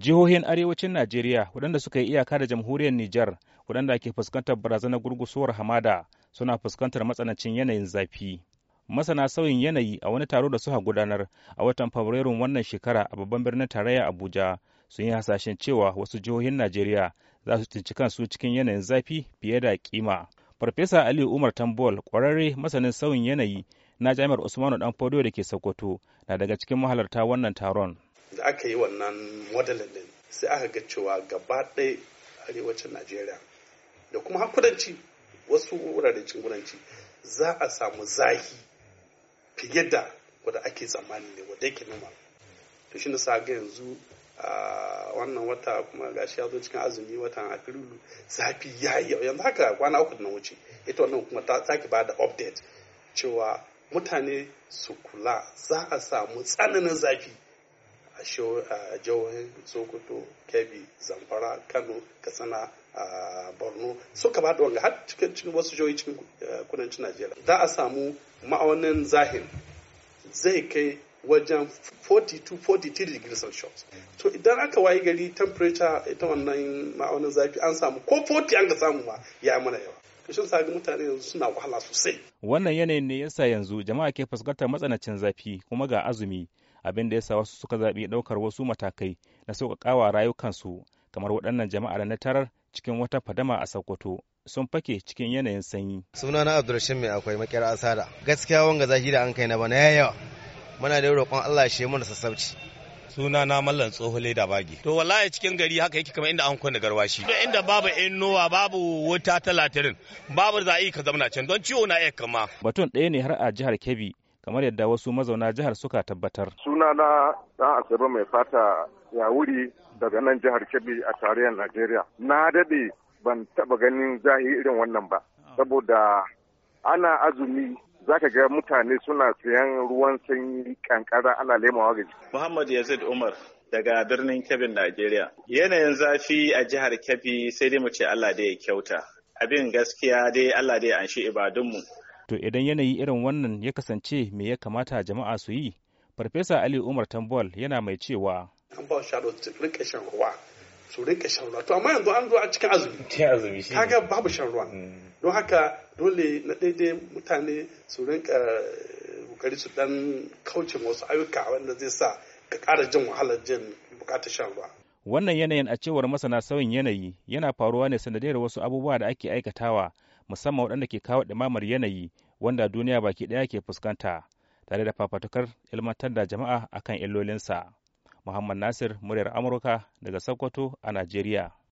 jihohin arewacin najeriya waɗanda suka yi iyaka da jamhuriyar nijar waɗanda ke fuskantar barazanar gurgusuwar hamada suna fuskantar matsanancin yanayin zafi masana sauyin yanayi a wani taro da suka gudanar a watan fabrairun wannan shekara a babban birnin tarayya abuja sun yi hasashen cewa wasu jihohin najeriya za su tunci kansu cikin yanayin zafi fiye da kima farfesa ali umar tambol kwararre masanin sauyin yanayi na jami'ar usmanu dan da ke sokoto na daga cikin mahalarta wannan taron da aka yi wannan modelin din sai aka ga cewa gaba ɗaya arewacin najeriya da kuma hakudanci wasu wuraren cin kudanci za a samu zahi fiye da wadda ake tsammani ne wadda yake noma to shi sa ga yanzu a wannan wata kuma ga shi yazo cikin azumi watan afrilu zafi ya yi yanzu haka kwana uku na wuce ita wannan kuma ta sake ba da update cewa mutane su kula za a samu tsananin zafi a jihohin sokoto kebbi zamfara kano katsina a borno suka ba da wanga har cikin wasu jihohi cikin eh, kudancin najeriya za a samu ma'aunin zahin zai kai wajen 42-43 degrees celsius to idan aka wayi gari temperature ita wannan ma'aunin zafi an samu ko 40 an ga samu ma ya mana yawa shin sabi mutane yanzu suna wahala sosai wannan yanayin ne yasa yanzu jama'a ke fuskantar matsanancin zafi kuma ga azumi abin da ya sa wasu suka zaɓi ɗaukar wasu matakai na sauƙaƙawa rayukansu kamar waɗannan jama'a da na tarar cikin wata fadama a Sokoto sun fake cikin yanayin sanyi. Suna na Abdulrashid mai akwai makiyar asada. Gaskiya wanga zahi da an kai na bana yawa. Muna da roƙon Allah shi mana sassauci. Suna na mallan tsoho leda bagi. To wallahi cikin gari haka yake kamar inda an kwana garwashi. Da inda babu nowa babu wuta talatin babu za'i ka zamana can don ciwo na iya kama. Batun ɗaya ne har a jihar Kebbi kamar yadda wasu mazauna jihar suka tabbatar. Sunana ɗan Asabe mai fata ya wuri daga nan jihar Kebbi a tarayyar Najeriya. Na daɗe ban taɓa ganin zahi irin wannan ba. Saboda ana azumi zaka ga mutane suna siyan ruwan sanyi kankara ana lemawa ga Muhammad Yazid Umar daga birnin Kebbi Najeriya. Yanayin zafi a jihar Kebbi sai dai mu ce Allah da ya kyauta. Abin gaskiya dai Allah da ya anshi ibadunmu. To idan yanayi irin wannan ya kasance me ya kamata jama'a su yi? Farfesa Ali Umar Tambol yana mai cewa. An ba shaɗo su rinka shan ruwa, su rinka shan ruwa. To amma yanzu an zo a cikin azumi. Cikin azumi shi. Kaga babu shan ruwa. Mm. Don haka dole na daidai mutane su rinka kokari eh, su dan kauce wasu ayyuka wanda zai sa ka kara jin wahalar jin bukatar shan ruwa. Wannan yanayin a cewar masana sauyin yanayi yana faruwa ne sanadiyar wasu abubuwa da ake aikatawa musamman waɗanda ke kawo ɗimamar yanayi wanda duniya baki ɗaya ke fuskanta tare da fafatukar ilmantar da jama'a akan illolinsa. Muhammad Nasir, muryar Amurka daga Sokoto a Najeriya.